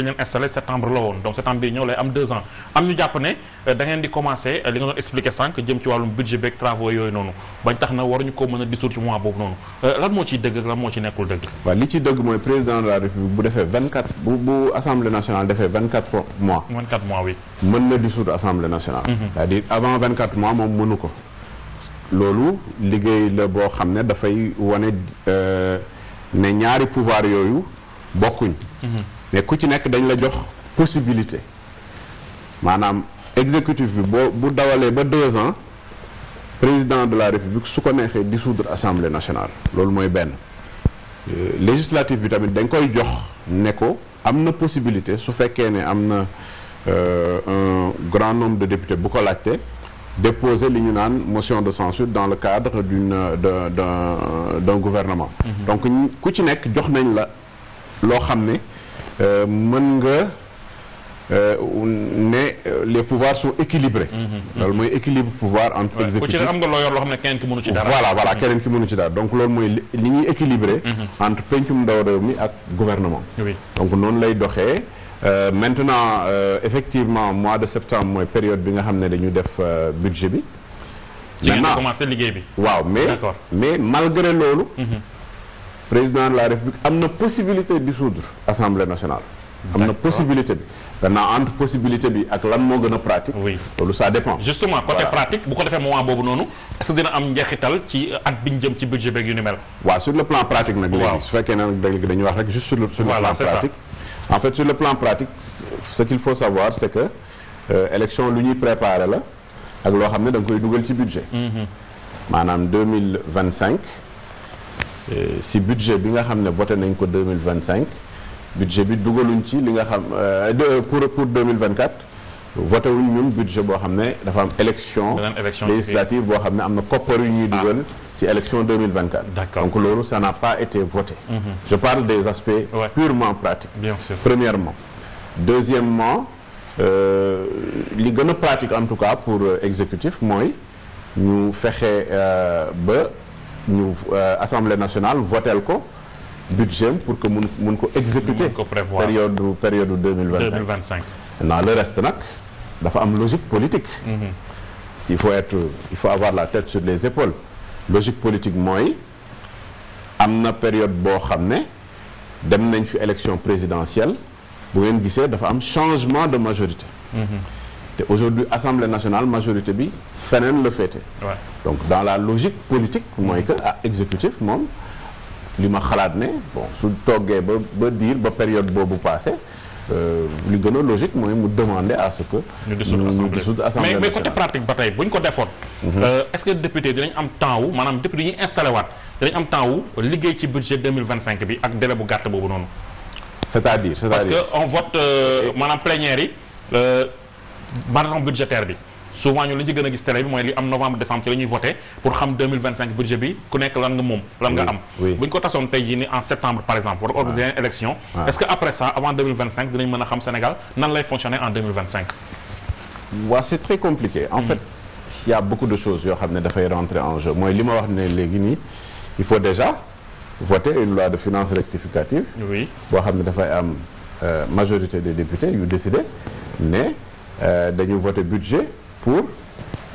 bi ñu leen installé septembre la woon donc septembre bi ñëw lay am deux ans am ñu jàpp ne euh, da ngeen di commencé euh, li nga doon expliqué sànq jëm ci wàllum budget beeg travaux yooyu noonu bañ tax na waruñu ko mën a dissoudre ci mois boobu noonu euh, lan moo ciy dëgg lan moo ci nekkul dëgg waaw li ci dëgg mooy président de la république bu defee 24 bu bu assemblée nationale defee 24 mois 24 mois mën na dissoudre assemblée nationale mhm. c'est-à-dire avant 24 mois moom mënu ko liggéey la boo xam ne dafay wane ne ñaari pouvoir yooyu mais ku ci nekk dañ la jox possibilité maanaam exécutif bi boo bu dawalee ba deux ans président de la république su ko neexee dissoudre assemblée nationale loolu mooy benn euh, législatif bi tamit dañ koy jox ne ko am na possibilité su fekkee ne am na euh, un grand nombre de députés bu ko laajte déposer li ñu naan motion de censure dans le cadre du d'un d'un gouvernement mm-hmm. donc ku ci nekk jox nañ la loo xam ne Euh, mën nga euh, ne euh, les pouvoirs sont équilibrés. Mhm. Mhm. loolu mooy équilibre pouvoir entre exécutif ku ci nga loo yor loo xam ne keneen ki mënu ci dara. voilà voilà keneen ki mënu ci dara donc loolu mooy li ñuy équilibré. Mhm. entre pencum ndaw réew mi ak gouvernement. donc noonu lay doxee. maintenant effectivement mois de septembre mooy période bi nga xam ne dañu def budget bi. liggéey bi. waaw mais malgré loolu. président de la république am na possibilité dissoudre assemblée nationale am na possibilité bi gannaaw entre possibilité bi ak lan moo gën a pratique oui loolu ça dépend justement côté pratique bu ko defee moment boobu noonu est ce dina am njeexital ci at bi ñu ci budget beeg yu ni mel waaw sur le plan pratique nag léegi su fekkee nag léegi dañuy wax rek juste sur le sur le plan pratique en fait sur le plan pratique ce qu'il faut savoir c'est que euh, élection lu ñuy préparer la ak loo xam ne da koy dugal ci budget mm-hmm. maanaam 2025 Euh, si budget bi nga xam ne voté nañ ko 2025 budget bi dugaluñ ci li nga xam euh, pour pour 2024 voté wuñ ñun budget boo xam ne dafa am élection législative boo xam ne am na koppar yu ñuy ah. dugal ci élection 2024 d'accord donc loolu ça n'a pas été voté mm-hmm. je parle des aspects purement pratiques bien sûr premièrement euh, li gën a pratique en tout cas pour exécutif mooy ñu fexe ba ñu euh, assemblée nationale votel ko budget pour que mun mun ko exécuter période période deux mille vingt cinq maintenant le reste nag dafa am logique politique mm-hmm. si faut être il faut avoir la tête sur les épaules logique politique mooy am na période boo xam ne dem nañ fi élection présidentielle boo ngeen gisee dafa am changement de majorité mm-hmm. te aujourd'hui assemblée nationale majorité bi feneen la féete donc dans la logique politique mooy que ah exécutif moom li ma xalaat ne su toggee ba ba diir ba période boobu passé euh, li gën a logique mooy mu demander à ce que. ñu dissoudre assemblée mais mais côté pratique ba tey bu ñu ko defoon. Mhm. Euh, est-ce que député dinañ am temps wu maanaam député yi ñu installé waat dinañ am temps wu liggéey ci budget bi ak délai bu gàtt boobu noonu. c'est-à-dire c'est-à-dire parce que on vote euh, maanaam marathon budgétaire bi souvent ñu li ñu ci gën a gis télé bi mooy li am novembre décembre ci la ñuy voté pour xam 2025 budget bi ku nekk lan nga moom lan nga am bu ko tasoon tey jii ni en septembre par exemple war a organiser une élection est-ce que après ça avant 2025 dinañ mën a xam Sénégal nan lay fonctionner en 2025 waaw c'est très compliqué en mm. fait il y a beaucoup de choses yoo xam ne dafay rentrer en jeu mooy li ma wax ne léegi nii il faut déjà voter une loi de finances rectificative boo xam ne dafay am euh, majorité des députés yu décider mais Euh, dañu voté budget pour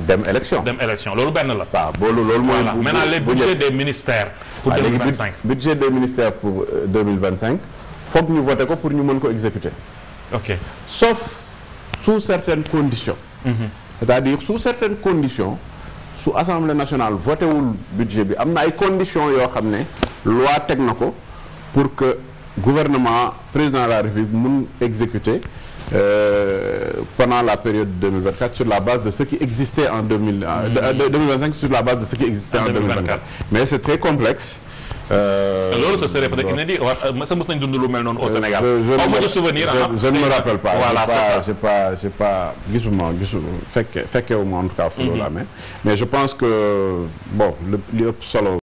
dem élection dem élection loolu benn la. waaw boolu loolu mooy. bu maintenant les budgets des ministères. pour 2025 budget des ministères pour 2025 euh, foog ñu voté ko pour ñu mën ko exécuter. ok sauf sous certaines conditions. Mhm. c'est-à-dire sous certaines conditions su assemblée nationale voté wul budget bi am na ay conditions yoo xam ne loi teg na ko pour que gouvernement président de la république mun exécuter. euh, pendant la période 2024 sur la base de ce qui existait en 2000, euh, mmh. de, 2025 euh, sur la base de ce qui existait en, en 2024. 2024. Mais c'est très complexe. Euh, loolu ce serait peut-être inédit sa mës nañ dund lu mel noonu au Sénégal. xaw ah. je ne me rappelle pas. voilà c'est pas j'ai pas gisuma gisu fekke fekkewuma en tout cas fu loolu mm-hmm. mais je pense que bon li ëpp solo